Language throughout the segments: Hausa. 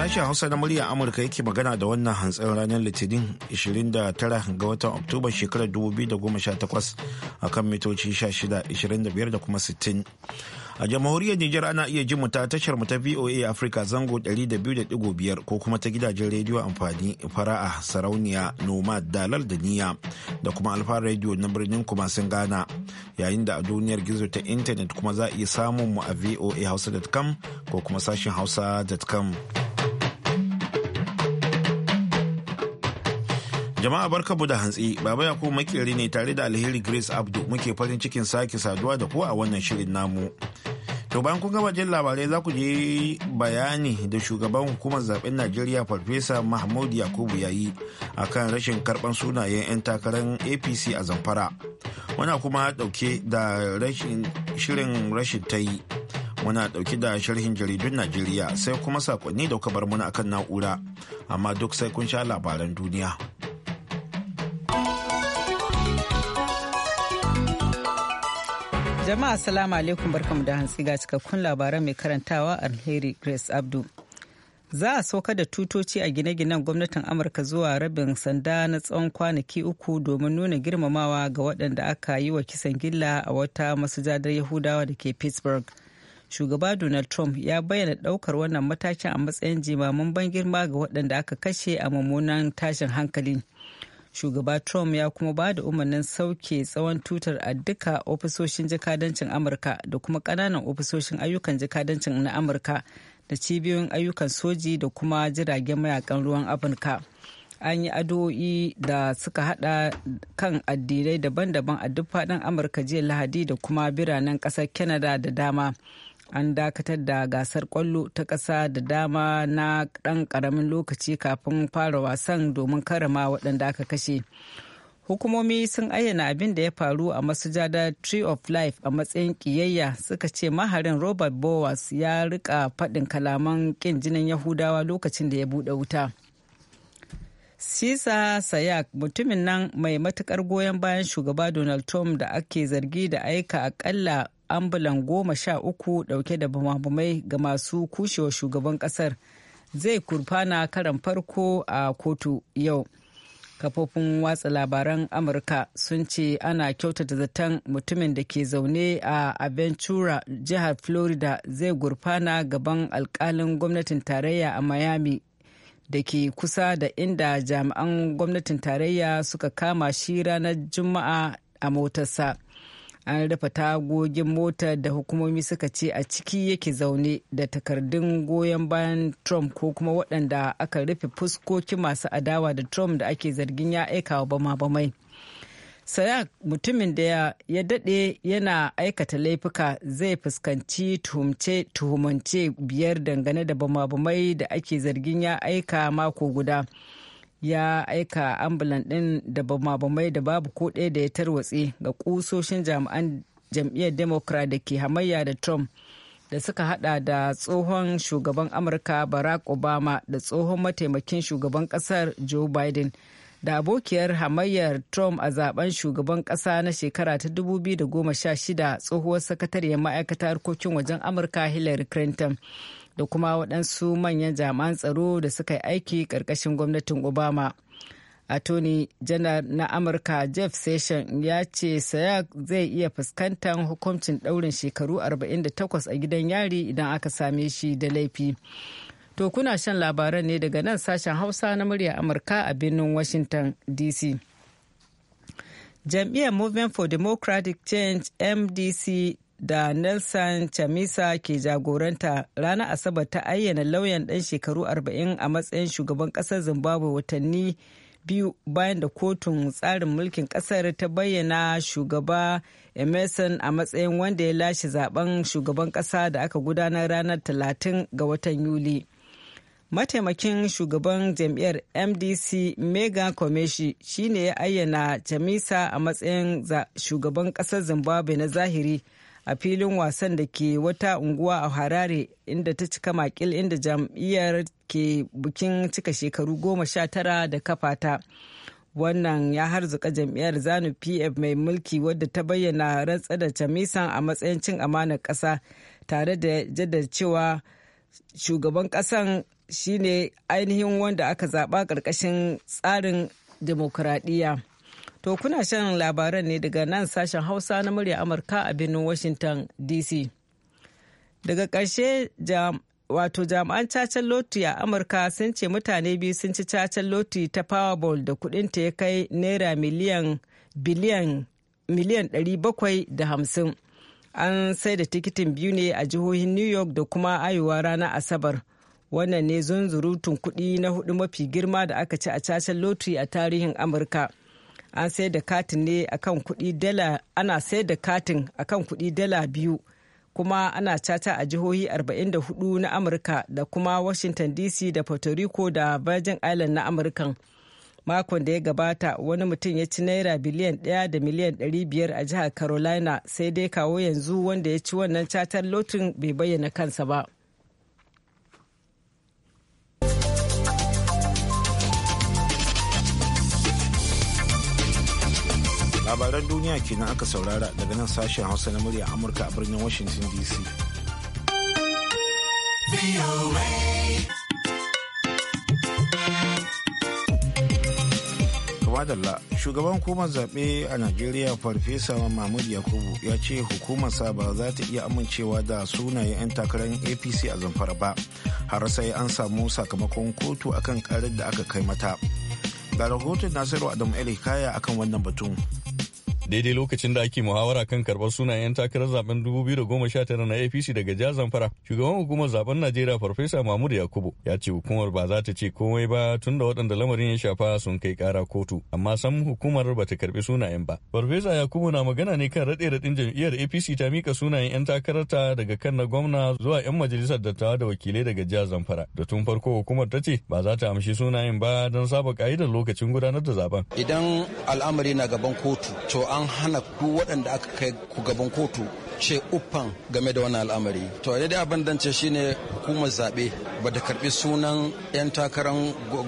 Sashen Hausa na murya Amurka yake magana da wannan hantsin ranar Litinin 29 ga watan Oktoba shekarar 2018 akan mitoci 16, da kuma 60. a jamhuriyar Nijar ana iya jin mu ta tashar mu ta VOA Africa zango 200.5 ko kuma ta gidajen rediyo amfani fara'a sarauniya nomad dalal da niya da kuma alfa rediyo na birnin kuma sun gana yayin da a duniyar gizo ta intanet kuma za a iya samun mu a voa hausa.com ko kuma sashen hausa.com. Jama'a barkabu da hantsi, Baba Yakubu makeri ne tare da Alheri Grace Abdu muke farin cikin sake saduwa da ku a wannan shirin namu. To bayan kun gaba jin labarai za ku je bayani da shugaban hukumar zaben Najeriya Farfesa Mahmud Yakubu ya yi a kan rashin karban sunayen 'yan takarar APC a Zamfara. Muna kuma ɗauke da shirin rashin ta yi. Muna ɗauke da sharhin jaridun Najeriya sai kuma sakonni da kuka bar muna akan na'ura. Amma duk sai kun sha labaran duniya. Jama'a salamu alaikum barkamu da hantsi ga cikakkun labaran mai karantawa alheri Grace Abdu. Za a soka da tutoci a gine-ginen gwamnatin Amurka zuwa rabin sanda na tsawon kwanaki uku domin nuna girmamawa ga waɗanda aka yi wa kisan gilla a wata masujadar Yahudawa da ke Pittsburgh. Shugaba Donald Trump ya bayyana ɗaukar wannan matakin a matsayin jimamin ban girma ga waɗanda aka kashe a mummunan tashin hankali. shugaba trump ya kuma ba da umarnin sauke tsawon tutar a duka ofisoshin jikadancin amurka da kuma kananan ofisoshin ayyukan jikadancin na amurka da cibiyoyin ayyukan soji da kuma jiragen mayakan ruwan afirka an yi addu'o'i da suka hada kan addinai daban-daban a duk faɗin amurka jiya lahadi da kuma biranen ƙasar canada da dama an dakatar da gasar kwallo ta ƙasa da dama na ɗan ƙaramin lokaci kafin fara wasan domin karama waɗanda aka kashe hukumomi sun ayyana abin da ya faru a masujada tree of life a matsayin ƙiyayya suka ce maharin robert bowers ya rika faɗin kalaman ƙin jinin yahudawa lokacin da ya buɗe wuta Sisa Sayak mutumin nan mai matukar goyon bayan shugaba Donald Trump da ake zargi da aika akalla ambulan goma sha uku dauke da bumabumai ga masu kushewa shugaban kasar zai kurfana karan farko a kotu yau kafofin watsa labaran amurka sun ce ana kyautata zaton mutumin da ke zaune a aventura jihar florida zai gurfana gaban alkalin gwamnatin tarayya a miami da ke kusa da inda jami'an gwamnatin tarayya suka kama shi ranar juma'a a motarsa. an rufe tagogin mota da hukumomi suka ce a ciki yake zaune da takardun goyon bayan trump ko kuma waɗanda aka rufe fuskoki masu adawa da trump da ake zargin ya aika wa bama-bamai sayak mutumin da ya daɗe yana aikata laifuka zai fuskanci tuhumance biyar dangane da bama-bamai da ake zargin ya aika mako guda. ya aika ambulan ɗin da bamabamai da babu ko ɗaya da ya tarwatse ga kusoshin jami'an jam'iyyar democrat da ke hamayya da trump da suka hada da tsohon shugaban amurka barack obama da tsohon mataimakin shugaban kasar joe biden da abokiyar hamayyar trump a zaben shugaban kasa na shekara ta 2016 tsohuwar sakatariyar ma'aikatar harkokin wajen amurka hillary clinton da kuma waɗansu manyan jami'an tsaro da suka yi aiki ƙarƙashin gwamnatin obama attorney janar na amurka jeff session ya ce sayak zai iya fuskantar hukuncin ɗaurin shekaru 48 a gidan yari idan aka same shi da laifi to kuna shan labaran ne daga nan sashen hausa na murya amurka a birnin washington dc jam'iyyar movement for democratic change mdc da Nelson Chamisa ke jagoranta ranar Asabar ta ayyana lauyan ɗan shekaru 40 a matsayin shugaban ƙasar Zimbabwe watanni biyu bayan da kotun tsarin mulkin ƙasar ta bayyana shugaba Emerson a matsayin wanda ya lashe zaben shugaban ƙasa da aka gudanar ranar 30 ga watan Yuli. mataimakin shugaban jam'iyyar mdc mega komeshi shine ya ayyana chamisa a matsayin shugaban ƙasar zimbabwe na zahiri a filin wasan da ke wata unguwa a harare inda ta cika makil inda jam'iyyar ke bukin cika shekaru goma sha tara da kafata wannan ya harzuka jam'iyyar zanu pf mai mulki wadda ta bayyana rantsa da chamisan a matsayin cin amanar ƙasa tare da jaddar cewa shugaban ƙasan shine ainihin wanda aka zaɓa ƙarƙashin tsarin demokuraɗiyya. To kuna shan labaran ne daga nan sashen Hausa na murya Amurka a birnin Washington DC. Daga ƙarshe wato jami'an cacen loti a Amurka sun ce mutane biyu sun ci cacen loti ta Powerball da kudinta ya kai naira miliyan biliyan miliyan hamsin. An sai da tikitin biyu ne a jihohin New York da kuma Ayowa ranar Asabar. Wannan ne zunzurutun kuɗi na hudu mafi girma da aka ci a cacen loti a tarihin Amurka. an sai da katin ne akan kuɗi dala ana sai da katin akan kuɗi dala biyu kuma ana caca a jihohi 44 na amurka da kuma washington dc da puerto rico da virgin island na amurka makon da ya gabata wani mutum ya ci naira biliyan 1 da miliyan 500 a jihar carolina sai dai kawo yanzu wanda ya ci wannan catar lotin bai bayyana kansa ba. labaran duniya kenan aka saurara daga nan sashen hausa na murya amurka a birnin washington dc Madalla shugaban hukumar zaɓe a Najeriya Farfesa Mahmud Yakubu ya ce hukumarsa ba za ta iya amincewa da sunayen 'yan takarar APC a zamfara ba har sai an samu sakamakon kotu akan karar da aka kai mata. Ga rahoton Nasiru Adamu Elikaya akan wannan batun. daidai lokacin da ake muhawara kan karbar sunayen takarar zaben 2019 na apc daga jihar zamfara shugaban hukumar zaben najeriya farfesa mahmud yakubu ya ce hukumar ba za ta ce komai ba tun da waɗanda lamarin ya shafa sun kai kara kotu amma san hukumar ba ta karbi sunayen ba farfesa yakubu na magana ne kan raɗe raɗin jam'iyyar apc ta mika sunayen 'yan takararta daga kan na gwamna zuwa 'yan majalisar dattawa da wakilai daga jihar zamfara da tun farko hukumar ta ce ba za ta amshi sunayen ba don saba ka'idar lokacin gudanar da zaben idan al'amari na gaban kotu an hana ku waɗanda aka kai ku gaban kotu ce uffan game da wannan al'amari to dai abin dance shine hukumar zaɓe ba da karɓi sunan 'yan takarar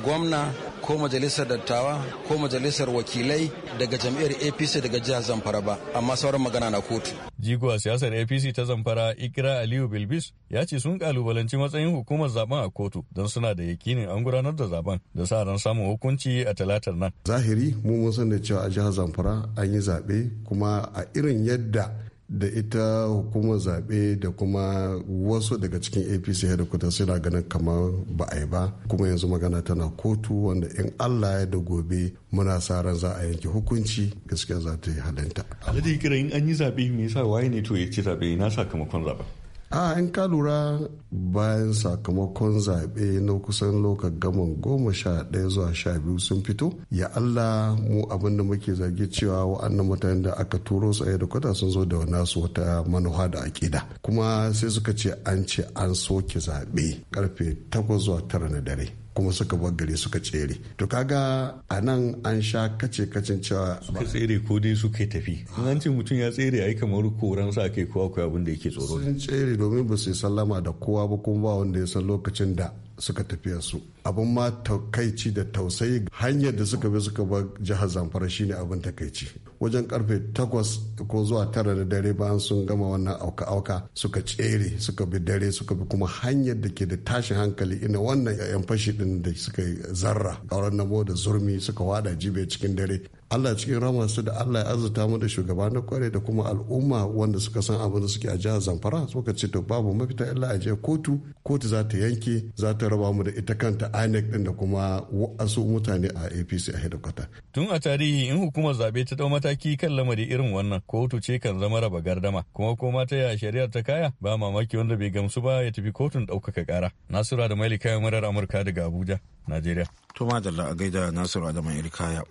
gwamna ko majalisar dattawa ko majalisar wakilai daga jam'iyyar apc daga jihar zamfara ba amma sauran magana na kotu jigo a siyasar apc ta zamfara ikira aliyu bilbis ya ce sun kalubalanci matsayin hukumar zaben a kotu don suna da yakinin an gudanar da zaben da sa ran samun hukunci a talatar nan zahiri mu mun san da cewa a jihar zamfara an yi zaɓe kuma a irin yadda da ita hukumar zaɓe da kuma wasu daga cikin apc headquarter suna ganin kamar ba a yi ba kuma yanzu magana tana kotu wanda in allah ya da gobe muna sa ran za a yanke hukunci gaskiya za ta yi halinta. alhaji kira in an yi zaɓe me yasa waye ne to ya ci zaɓe na sakamakon zaɓen. a in ka lura bayan sakamakon zaɓe na kusan lokacin gama goma sha ɗaya zuwa sha biyu sun fito ya allah mu abin da muke zage cewa wa'annan mutanen da aka turo su a kwata sun zo da su wata manuwa da aƙida kuma sai suka ce an ce an soke zaɓe karfe takwas zuwa tara na dare kuma suka bar gari suka tsere to kaga a nan an sha kace kacin cewa suka tsere ko dai suka tafi an ce mutum ya tsere ai kamar koran sa kai kowa akwai abin da yake tsoro sun tsere domin ba su sallama da kowa ba kuma ba wanda ya san lokacin da suka tafiya su abin ma takaici da tausayi hanyar da suka bi suka bar jihar zamfara shine abin takaici wajen karfe takwas ko zuwa tara da dare bayan sun gama wannan auka-auka suka tsere suka bi dare suka bi kuma hanyar da ke da tashin hankali ina wannan 'yan fashi din da suka zarra gauran na da zurmi suka wada jibe cikin dare Allah cikin su da Allah ya arzuta mu da shugaba na kware da kuma al'umma wanda suka san abin da suke a jihar Zamfara suka ce to babu mafita illa a je kotu kotu za ta yanke za ta raba mu da ita kanta INEC din da kuma wasu mutane a APC a hedikwata. Tun a tarihi in hukumar zabe ta dau mataki kan lamari irin wannan kotu ce kan zama raba gardama kuma ko ta yaya shari'ar ta kaya ba mamaki wanda bai gamsu ba ya tafi kotun ɗaukaka kara Nasura da Malika murar Amurka daga Abuja, Najeriya. To madalla a gaida Nasiru Adamu Irkaya.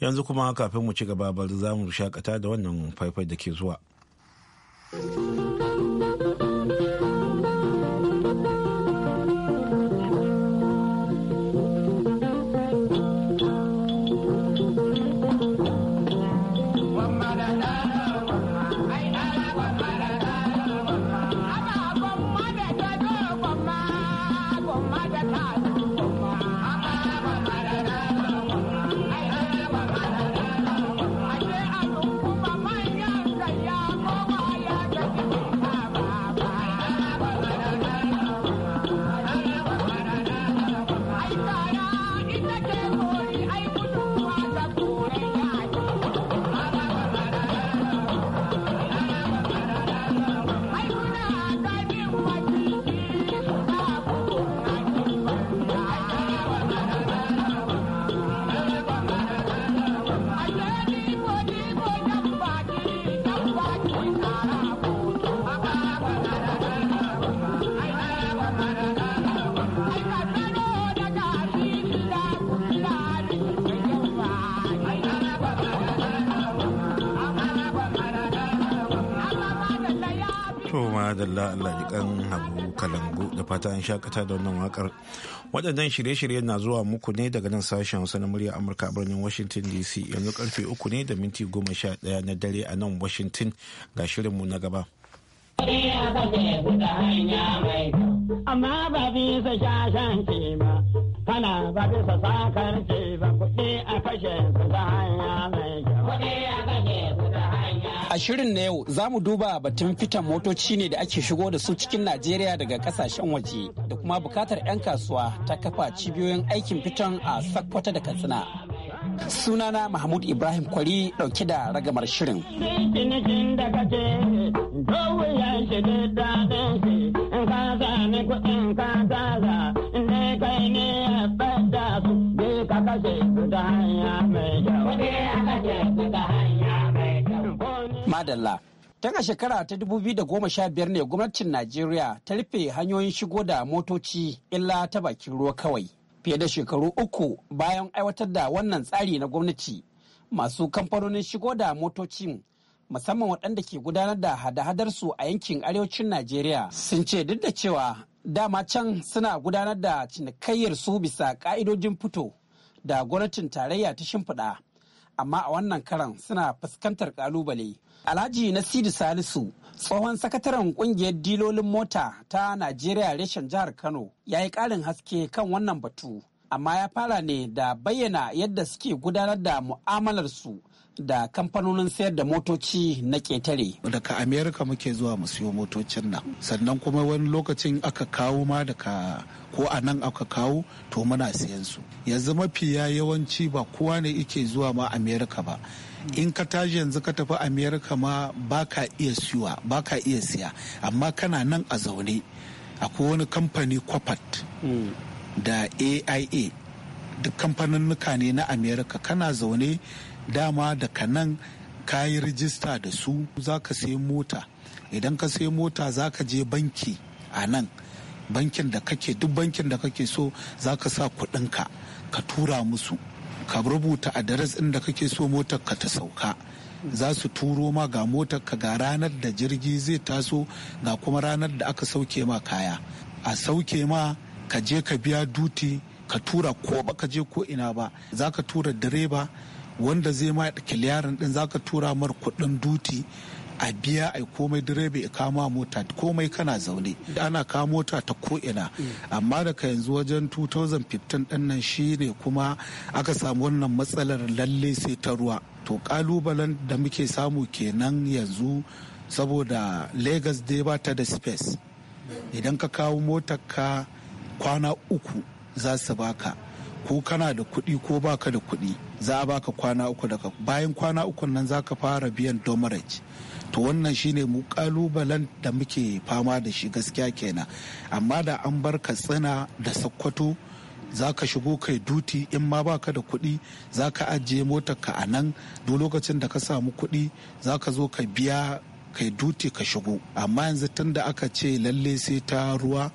yanzu kuma kafin mu ci gaba bari za shakata da wannan faifai da ke zuwa. madalla Allah ji kan habu kalangu da fata an shakata da wannan wakar waɗannan shirye-shiryen na zuwa muku ne daga nan sashen wasu na murya amurka a birnin washington dc yanzu karfe uku ne da minti goma sha ɗaya na dare a nan washington ga shirinmu na gaba amma ba bisa shashen ke ba kana ba bisa sakar ke ba kuɗi a kashe su ta hanya mai kyau A shirin na yau za mu duba batun fitan motoci ne da ake shigo da su cikin Najeriya daga kasashen waje da kuma bukatar 'yan kasuwa ta kafa cibiyoyin aikin fitan a sakwata da Katsina. Sunana Mahmud Ibrahim Kwari dauke da ragamar shirin. kashe hanya mai Madalla. Daga shekara ta 2015 ne gwamnatin Najeriya ta rufe hanyoyin shigo da motoci illa ta bakin ruwa kawai. Fiye da shekaru uku bayan aiwatar da wannan tsari na gwamnati masu kamfanonin shigo da motocin musamman waɗanda ke gudanar da hada-hadarsu a yankin arewacin Najeriya sun ce duk da cewa dama can suna gudanar da cinikayyar su bisa ka'idojin fito da gwamnatin tarayya ta shimfiɗa amma a wannan karan suna fuskantar kalubale. Alhaji Nasiru Salisu, tsohon sakataren kungiyar dilolin mota ta Najeriya reshen jihar Kano, ya yi ƙarin haske kan wannan batu. Amma ya fara ne da bayyana yadda suke gudanar da mu'amalar su. da kamfanonin sayar da motoci na ketare. Daga Amerika muke zuwa mu siyo motocin nan. Sannan kuma wani lokacin aka kawo ma daga ko a nan aka kawo to muna siyan su. Yanzu mafiya yawanci ba kowa ne ike zuwa ma Amerika ba. in ka tashi yanzu ka tafi Amerika ma ba ka iya siya. ba ka iya siya amma kana nan a zaune akwai wani kamfani kwafat hmm. da aia duk kamfanin ne na Amerika kana zaune dama daga nan ka yi rijista da su za ka sai mota idan ka sai mota za ka je banki a nan bankin da kake duk bankin da kake so za ka sa kudinka ka tura musu ka rubuta adres ɗin da kake so motar ka ta sauka za su turo ma ga motar ka ga ranar da jirgi zai taso ga kuma ranar da aka sauke ma kaya a sauke ma ka je ka biya duti ka tura ko baka je ko ina ba za ka tura direba wanda zai ma kiliyarin din zaka tura mar kuɗin duti a biya ai komai direba ya kama mota komai kana zaune ana kama mota ta ko'ina amma daga yanzu wajen 2015 din nan shi ne kuma aka samu wannan matsalar lalle sai ta ruwa to kalubalen da muke samu kenan yanzu saboda lagos dai ba ta da space idan ka kawo motar ka kwana uku za su baka ko kana da kuɗi ko baka da kuɗi za a baka kwana uku daga bayan kwana uku nan za ka fara biyan domarage to wannan shine mu kalubalen da muke fama da shi gaskiya kenan amma da an bar ka tsina da sakkwato za ka shigo kai duti in ma baka da kuɗi za ka ajiye ka a nan duk lokacin da ka samu kuɗi za ka zo ka biya kai duti ka shigo amma yanzu tun da aka ce lalle sai ta ruwa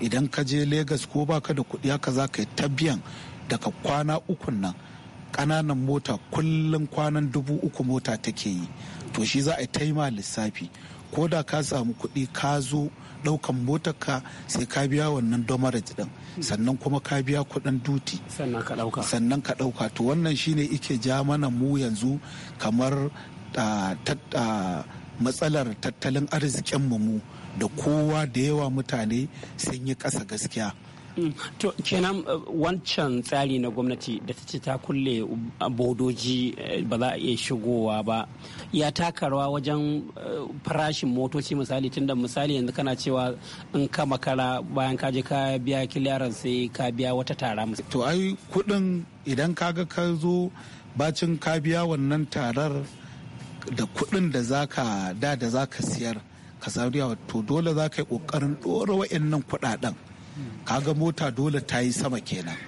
idan ka je Legas ko ba ka da kuɗi haka za ka yi tabiyan daga kwana ukun nan ƙananan mota kullum kwanan dubu uku mota take yi to shi za a yi ma lissafi ko da ka samu kuɗi ka zo ɗaukan motarka sai ka biya wannan domarage ɗin sannan kuma ka biya kuɗin duti sannan ka ɗauka to wannan shine ike ja mana mu yanzu kamar ah, ah, matsalar tattalin arzikin mu da kowa da yawa mutane sun yi ƙasa gaskiya mm. to kenan uh, wancan tsari na gwamnati da ta ce ta kulle uh, bodoji uh, ba za a iya shigowa ba ya taka rawa wajen farashin motoci misali tunda misali yanzu kana cewa in ka makara bayan ka je ka biya kiliyaran sai ka biya wata tara to ai kudin idan ka ga ka zo bacin ka biya wannan tarar da kudin da zaka da da za ka siyar ka tsariya to dole za ka yi ƙoƙarin ɗora wa'annan kuɗaɗen ga mota dole ta yi sama kenan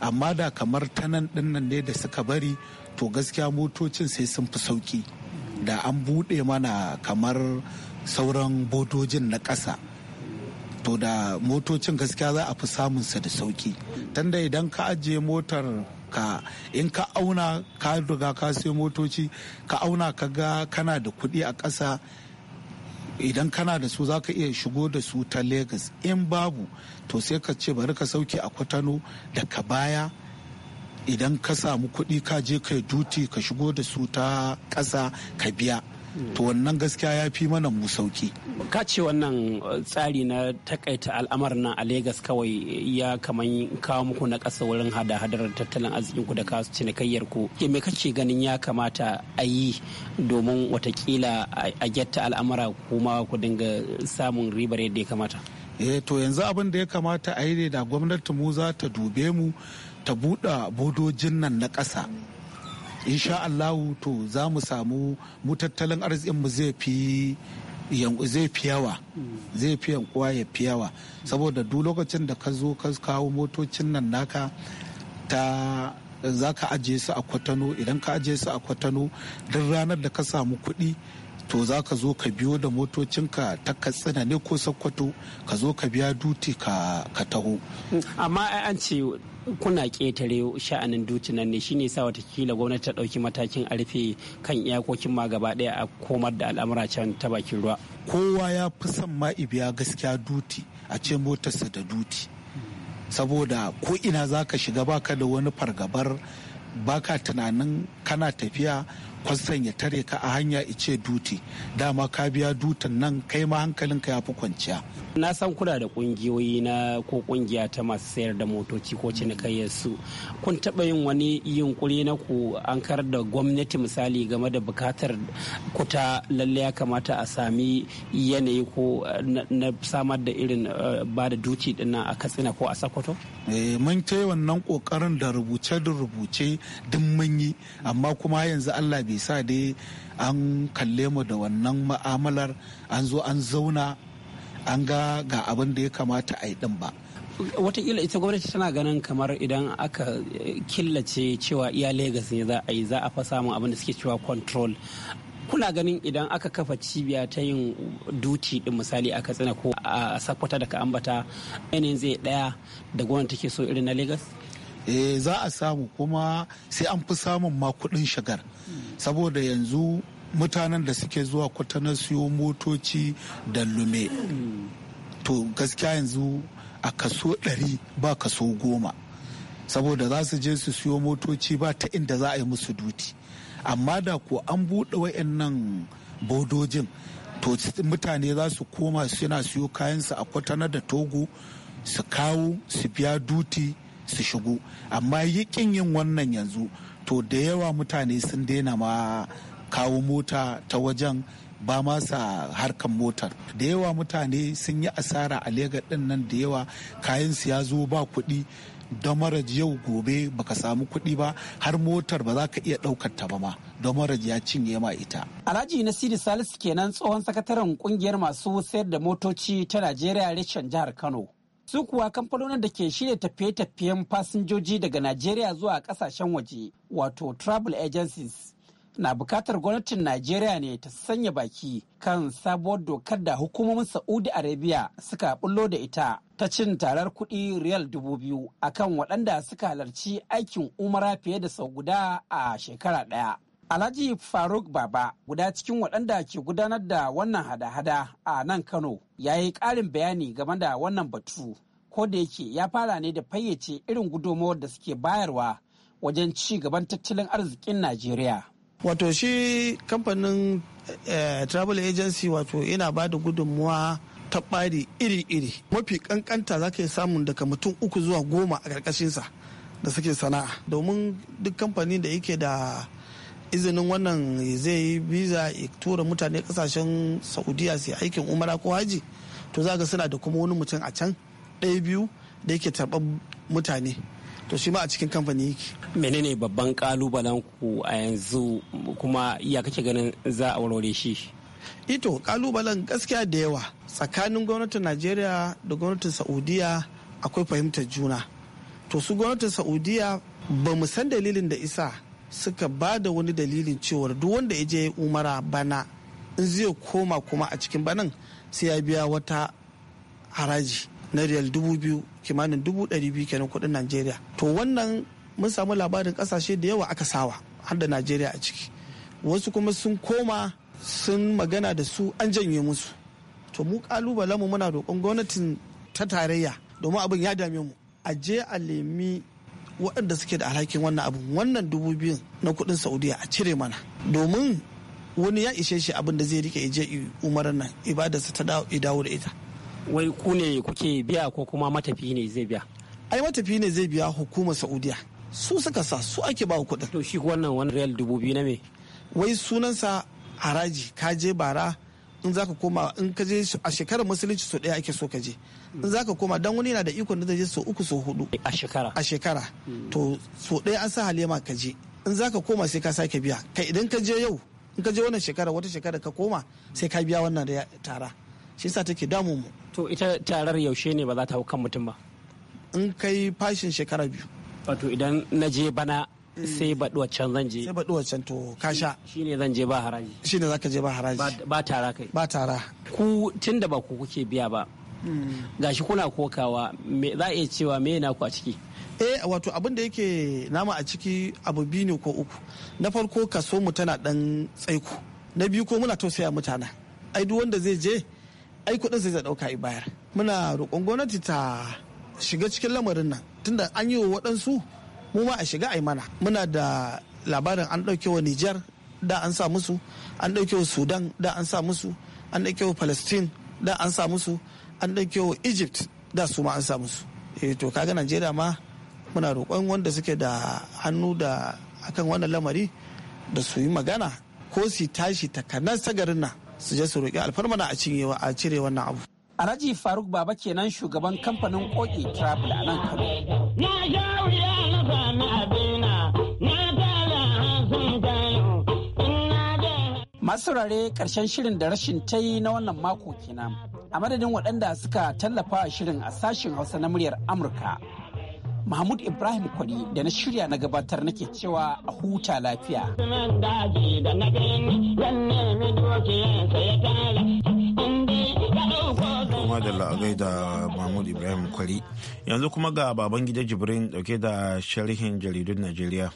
amma da kamar tanan nan ɗinnan ne da suka bari to gaskiya motocin sai sun fi sauki da an buɗe mana kamar sauran bodojin na ƙasa to da motocin gaskiya za a fi samun sa da sauki tanda idan ka ajiye motar ka in ka auna ka riga ka sai motoci ka auna ka ga kana da kuɗi a ƙasa idan kana da su zaka iya shigo da su ta lagos in babu to sai ka ce bari ka sauke a kwatano daga baya idan ka samu kuɗi ka je kai duti ka shigo da su ta ƙasa ka biya to wannan gaskiya ya fi mana mu sauki ka ce wannan uh, tsari na takaita al'amar nan a Legas kawai ya kaman kawo muku na ƙasa wurin hada-hadar tattalin arzikin ku da kasu cinikayyar ku me kake ganin ya kamata a yi domin watakila a getta al'amara kuma ku dinga samun ribar yadda ya kamata eh to yanzu abin da ya kamata a yi ne da gwamnati mu za ta dube mu ta buɗe bodojin nan na ƙasa insha Allahu to za mu samu mutattalin tattalin arzikin mu zai fi zai fi yawa zai fi yankuwa ya fi yawa saboda duk lokacin da ka zo ka kawo motocin nan naka ta za ka ajiye su a kwatano idan ka ajiye su a kwatano duk ranar da ka samu kuɗi to za ka zo ka biyo da motocin ka ta katsina ne ko sakkwato ka zo ka biya duti ka taho amma an ce kuna ƙetare sha'anin nan ne shine sa watakila gwamnati ta ɗauki matakin a rufe kan iyakokin ma gaba daya a komar da al'amura can ta bakin ruwa kowa ya fi son ma ibiya gaskiya duti a ce motarsa da duti saboda ko ina zaka shiga baka da wani fargabar baka tunanin kana tafiya kwasan ya tare ka a hanya ice duti dama ka biya dutan nan kai ma hankalin ka ya fi kwanciya na san kuna da kungiyoyi na ko kungiya ta masu sayar da motoci ko cinikayyar su kun taba yin wani yunkuri na ku an kar da gwamnati misali game da bukatar kuta lalle ya kamata a sami yanayi ko eh, na samar da irin eh, ba da duci din a katsina ko a sokoto eh, mun ta wannan kokarin da rubuce da rubuce duk mun yi amma kuma yanzu Allah sa dai an kalle mu da wannan ma'amalar an zo an zauna an ga ga abin da ya kamata a yi din ba watakila ita gwamnati tana ganin kamar idan aka killace cewa iya legas ne za a yi za a fa samun abin da suke cewa control kuna ganin idan aka kafa cibiya ta yin duti din misali a katsina ko a sakwata da ka ambata yanayin zai daya da gwamnati take so irin na legas E za a samu kuma sai an fi samun ma kuɗin shigar saboda yanzu mutanen da suke zuwa kwatanar siyo motoci da lume to gaskiya yanzu a kaso ɗari ba kaso goma saboda za su je su siyo motoci ba ta inda za a yi musu duti amma da ko an buɗe wayannan bodojin to mutane za su koma suna siyo kayansu a kwatana da togo su kawo su biya duti su shigo amma yakin yin wannan yanzu to da yawa mutane sun daina ma kawo mota ta wajen ba ma harkan motar da yawa mutane sun yi asara a legas din nan da yawa kayan su ya zo ba kuɗi damaraj yau gobe baka samu kuɗi ba har motar ba za ka iya ɗaukar ta ba ma damaraj ya cinye ma ita alhaji nasiru salisu kenan tsohon sakataren kungiyar masu sayar da motoci ta najeriya reshen jihar kano su kuwa kamfanonin da ke shirya tafiye-tafiyen fasinjoji daga najeriya zuwa kasashen waje wato travel agencies na bukatar gwamnatin najeriya ne ta sanya baki kan sabuwar dokar da hukumomin saudi arabia suka bullo da ita ta cin tarar kuɗi riyal dubu biyu akan waɗanda suka halarci aikin umara fiye da sau guda a shekara ɗaya Alhaji Faruk Baba guda cikin waɗanda ke gudanar da wannan hada-hada a nan Kano ya yi ƙarin bayani game da wannan batu ko da yake ya fara ne da fayyace irin gudunmawar da suke bayarwa wajen ci gaban tattalin arzikin Najeriya. Wato shi kamfanin eh, travel agency wato yana ba da gudunmawa ta ɓari iri-iri mafi ƙanƙanta za ka yi samun daga mutum uku zuwa goma a ƙarƙashinsa da suke sana'a domin duk kamfanin da yake da izinin wannan zai yi visa ya tura mutane kasashen saudiya su aikin umara ko haji to za ga suna da kuma wani mutum a can ɗaya biyu da yake tarɓar mutane to shi ma a cikin kamfani yake menene babban kalubalen ku a yanzu kuma ya kake ganin za a warware shi ito kalubalen gaskiya da yawa tsakanin gwamnatin najeriya da gwamnatin saudiya akwai fahimtar juna to su gwamnatin saudiya ba mu san dalilin da isa suka ba da wani dalilin cewa duk wanda ya je umara bana in zai koma kuma a cikin banan sai ya biya wata haraji na riyal dubu biyu kimanin dubu ɗari biyu kenan kudin najeriya to wannan mun samu labarin kasashe da yawa aka sawa har da najeriya a ciki wasu kuma sun koma sun magana da su an janye musu to mu kalubalen mu muna roƙon gwamnatin ta tarayya domin abin ya dame mu a je a lemi waɗanda suke da alhakin wannan abu wannan dubu biyun na kuɗin saudiya a cire mana domin wani ya ishe shi abin da zai rike je umarar nan ibadarsa ta dawo da ita wai ku ne kuke biya ko kuma matafi ne zai biya ai matafi ne zai biya hukumar saudiya su suka sa su ake ba kuɗin to shi wannan wani riyal dubu biyu na me wai sunansa haraji ka je bara in za ka koma in ka je a shekarar musulunci so ɗaya ake so ka je za ka koma don wani yana da ikon da zai je so uku so hudu a shekara a shekara to so ɗaya an sa halima ka je in za ka koma sai ka sake biya kai idan ka je yau in ka je wannan shekara wata shekara ka koma sai ka biya wannan da tara shi yasa take damu mu to ita tarar yaushe ne ba za ta hau kan mutum ba in kai fashin shekara biyu wato idan na je bana sai mm. baɗi waccan zan je sai baɗi waccan to ka sha shine zan je ba haraji shine zaka je ba haraji ba tara kai ba tara ku tunda ba ku kuke biya ba gashi kuna kokawa za a iya cewa me na ku a ciki eh wato abin da yake nama a ciki abu biyu ne ko uku na farko kaso mu tana dan tsaiku na biyu ko muna tausaya mutana ai duk wanda zai je ai kudin sai zai dauka bayar muna roƙon gwamnati ta shiga cikin lamarin nan tunda an yi wa waɗansu mu ma a shiga ai mana muna da labarin an ɗauke wa Nijar da an sa musu an ɗauke wa Sudan da an sa musu an ɗauke wa Palestine da an sa musu an ɗauke wa egypt da su ma an samu su eh, to kaga najeriya ma muna roƙon wanda suke da hannu da akan wannan lamari da su yi magana ko su tashi takanas ta garin nan su je su roƙi alfarmana a cinyewa a cire wannan abu Alhaji Faruk Baba kenan shugaban kamfanin Koki Travel a nan Kano. Masu rare ƙarshen shirin da rashin ta yi na wannan mako kenan. a madadin waɗanda suka tallafa shirin a sashen hausa na muryar amurka mahmud ibrahim kwari da na shirya na gabatar nake cewa a huta lafiya da mahmud ibrahim kwari yanzu kuma ga baban gida jibrin dauke da sharhin jaridun najeriya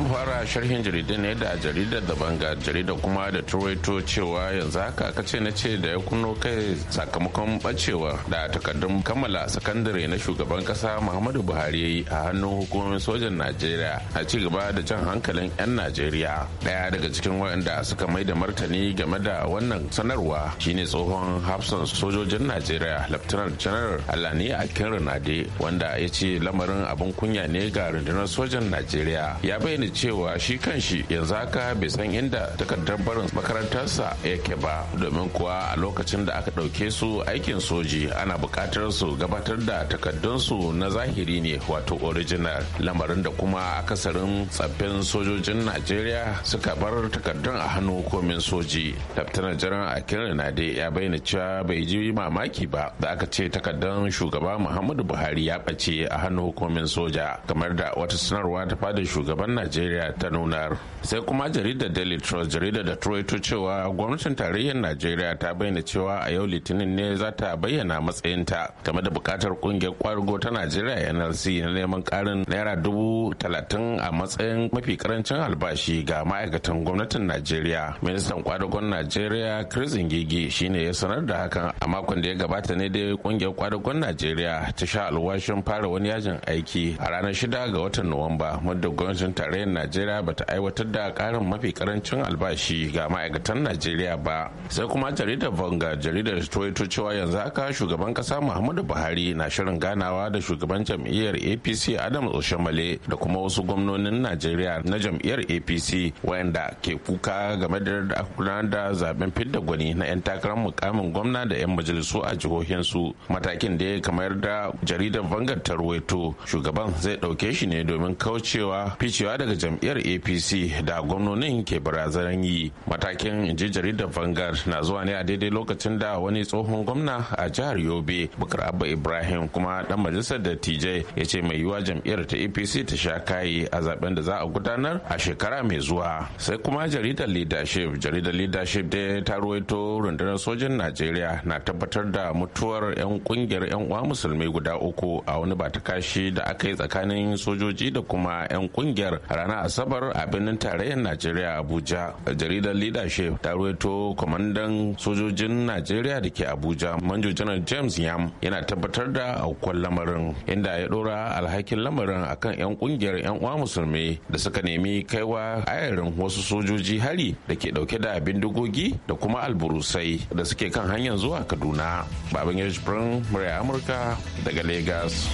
mu fara sharhin jaridu ne da jaridar da banga jaridar kuma da turaito cewa yanzu haka ka ce na ce da ya kuno kai sakamakon bacewa da takardun kammala sakandare na shugaban kasa muhammadu buhari ya a hannun hukumomin sojan najeriya a ci gaba da jan hankalin 'yan najeriya daya daga cikin waɗanda suka mai da martani game da wannan sanarwa shine tsohon hafsan sojojin najeriya laftanar janar alani akin renade wanda ya ce lamarin abin kunya ne ga rundunar sojan najeriya ya bayyana bayani cewa shi kanshi yanzu haka bai san inda takardar barin makarantarsa yake ba domin kuwa a lokacin da aka ɗauke su aikin soji ana buƙatar su gabatar da takardunsu na zahiri ne wato original lamarin da kuma akasarin tsaffin sojojin najeriya suka bar takardun a hannu komin soji laftanar jiran na nade ya bayyana cewa bai ji mamaki ba da aka ce takardun shugaba muhammadu buhari ya ɓace a hannu hukumin soja kamar da wata sanarwa ta fadar shugaban najeriya najeriya ta nunar sai kuma jaridar daily trust jaridar da turaito cewa gwamnatin tarayyar najeriya ta bayyana cewa a yau litinin ne za ta bayyana matsayinta game da bukatar kungiyar kwargo ta najeriya nlc na neman karin naira dubu talatin a matsayin mafi karancin albashi ga ma'aikatan gwamnatin najeriya ministan kwadagon najeriya chris ngigi shine ya sanar da hakan a makon da ya gabata ne dai kungiyar kwadagon najeriya ta sha alwashin fara wani yajin aiki a ranar shida ga watan nuwamba muddin gwamnatin tarayyar tarayyar najeriya bata aiwatar da karin mafi karancin albashi ga ma'aikatan najeriya ba sai kuma jaridar vanga jaridar toyota cewa yanzu haka shugaban kasa muhammadu buhari na shirin ganawa da shugaban jam'iyyar apc adam oshamale da kuma wasu gwamnonin najeriya na jam'iyyar apc wayanda ke kuka game da aka gudanar da zaben fidda gwani na 'yan takarar mukamin gwamna da 'yan majalisu a jihohinsu matakin da ya kamar da jaridar vanga ta ruwaito shugaban zai dauke shi ne domin kaucewa ficewa daga jam'iyyar apc da gwamnonin ke barazanar yi matakin inji jaridar vanguard na zuwa ne a daidai lokacin da wani tsohon gwamna a jihar yobe bukar abba ibrahim kuma dan majalisar da dattijai ya ce mai yiwuwa jam'iyyar ta apc ta sha kayi a zaben da za a gudanar a shekara mai zuwa sai kuma jaridar leadership jaridar leadership da ta ruwaito rundunar sojin najeriya na tabbatar da mutuwar 'yan kungiyar 'yan uwa musulmai guda uku a wani batakashi da aka yi tsakanin sojoji da kuma 'yan kungiyar ranar asabar a birnin tarayyar najeriya abuja jaridar leadership ta ruwaito kwamandan sojojin najeriya da ke abuja manjo janar james yam yana tabbatar da aukuwar lamarin inda ya dora alhakin lamarin akan 'yan kungiyar 'yan uwa musulmi da suka nemi kaiwa ayarin wasu sojoji hari da ke dauke da bindigogi da kuma alburusai da suke kan hanyar zuwa kaduna baban yajibirin murya amurka daga Legas.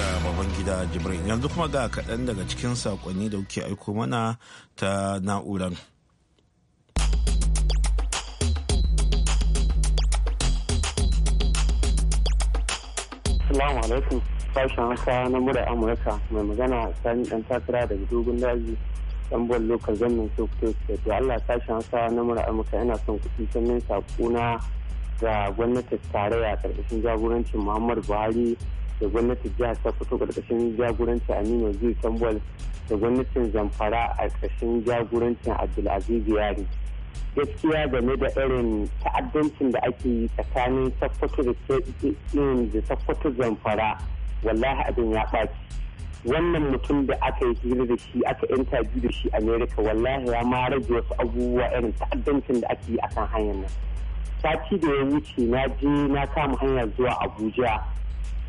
da Babangida Jibrin. Yanzu kuma ga kaɗan daga cikin saƙonni da kuke aiko mana ta na'urar. salamu alaikum sashen hausa na mura Amurka mai magana sani dan takara daga dogon daji dan bol lokal gwamnan Sokoto da To Allah sashen hausa na mura Amurka yana son kuɗi sannan saƙona ga gwamnatin tarayya karkashin jagorancin Muhammadu Buhari da gwamnatin jihar sokoto karkashin jagorancin aminu zai tambal da gwamnatin zamfara a ƙarshen jagorancin abdulaziz yari gaskiya game da irin ta'addancin da ake yi tsakanin sokoto da sokoto zamfara wallahi abin ya ɓaci wannan mutum da aka yi hira da shi aka intabi da shi america wallahi ya ma rage wasu abubuwa irin ta'addancin da ake yi akan hanyar nan sati da ya wuce na je na kama hanya zuwa abuja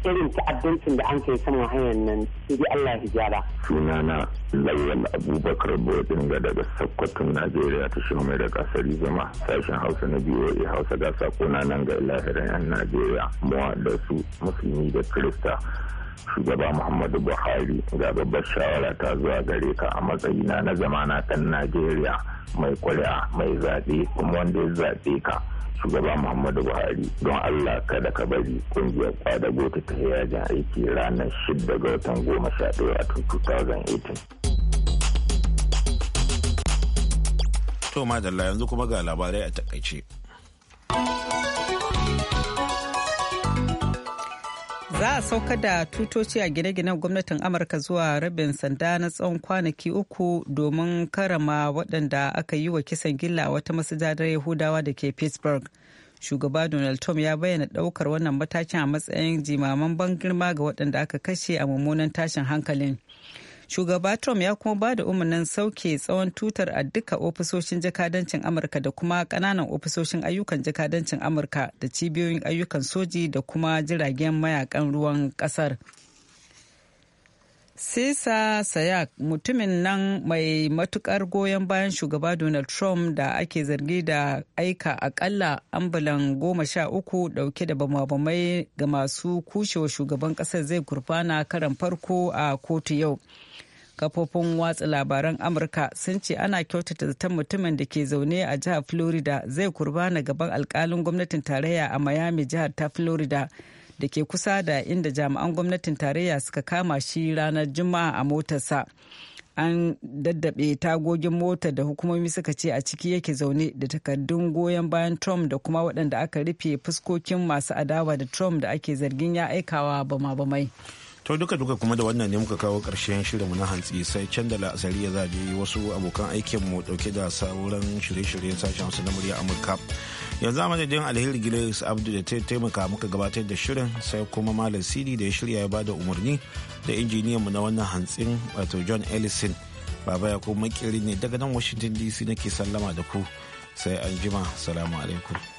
irin ta'addancin da an kai saman hanyar nan sai dai Allah hijara. Sunana Lawal Abubakar Bodinga daga Sokoto Najeriya ta shi mai da kasar zama sashen Hausa na BOA Hausa ga sakona nan ga lahirin 'yan Najeriya muwa da su musulmi da Kirista. shugaba muhammadu buhari ga babbar shawara ta zuwa gare ka a matsayina na zamana ɗan najeriya mai kuri'a mai zaɓe kuma wanda ya zaɓe ka shugaba muhammadu buhari don allah kada ka bari kungiyar kwadago ta tafi yajin aiki ranar 6 ga watan goma sha ɗaya a 2018 to madalla yanzu kuma ga labarai a takaice za a sauka da tutoci a gine-ginen gwamnatin amurka zuwa rabin sanda na tsawon kwanaki uku domin karama waɗanda aka yi wa kisan gilla a wata masujadar yahudawa da ke pittsburgh shugaba donald trump ya bayyana ɗaukar wannan matakin a matsayin jimaman ban girma ga waɗanda aka kashe a mummunan tashin hankalin shugaba trump ya kuma ba da umarnin sauke tsawon tutar a duka ofisoshin jakadancin amurka da kuma kananan ofisoshin ayyukan jakadancin amurka da cibiyoyin ayyukan soji da kuma jiragen mayakan ruwan kasar. Sisa Sayak mutumin nan mai matukar goyon bayan shugaba Donald Trump da ake zargi da aika akalla ambulan goma sha uku dauke da bamabamai ga masu kushewa shugaban kasar zai kurfana karan farko a kotu yau. Kafofin watsa labaran Amurka sun ce ana kyautata zaton mutumin da ke zaune a jihar Florida zai kurbana gaban alkalin gwamnatin tarayya a Miami jihar ta Florida. da ke kusa da inda jami'an gwamnatin tarayya suka kama shi ranar juma'a a motarsa an daddabe tagogin mota da hukumomi suka ce a ciki yake zaune da takardun goyon bayan trump da kuma waɗanda aka rufe fuskokin masu adawa da trump da ake zargin ya aikawa bama-bamai to duka duka kuma da wannan ne muka kawo ƙarshen shirinmu na hantsi sai can da la'asari ya zaje wasu abokan aikinmu dauke da sauran shirye-shiryen sashen su na murya amurka yanzu a madadin alheri gilis abdu da ta taimaka muka gabatar da shirin sai kuma malam sidi da ya shirya ya bada umarni da injiniyanmu na wannan hantsin wato john ellison baba ya ko makiri ne daga nan washington dc nake sallama da ku sai an jima salamu alaikum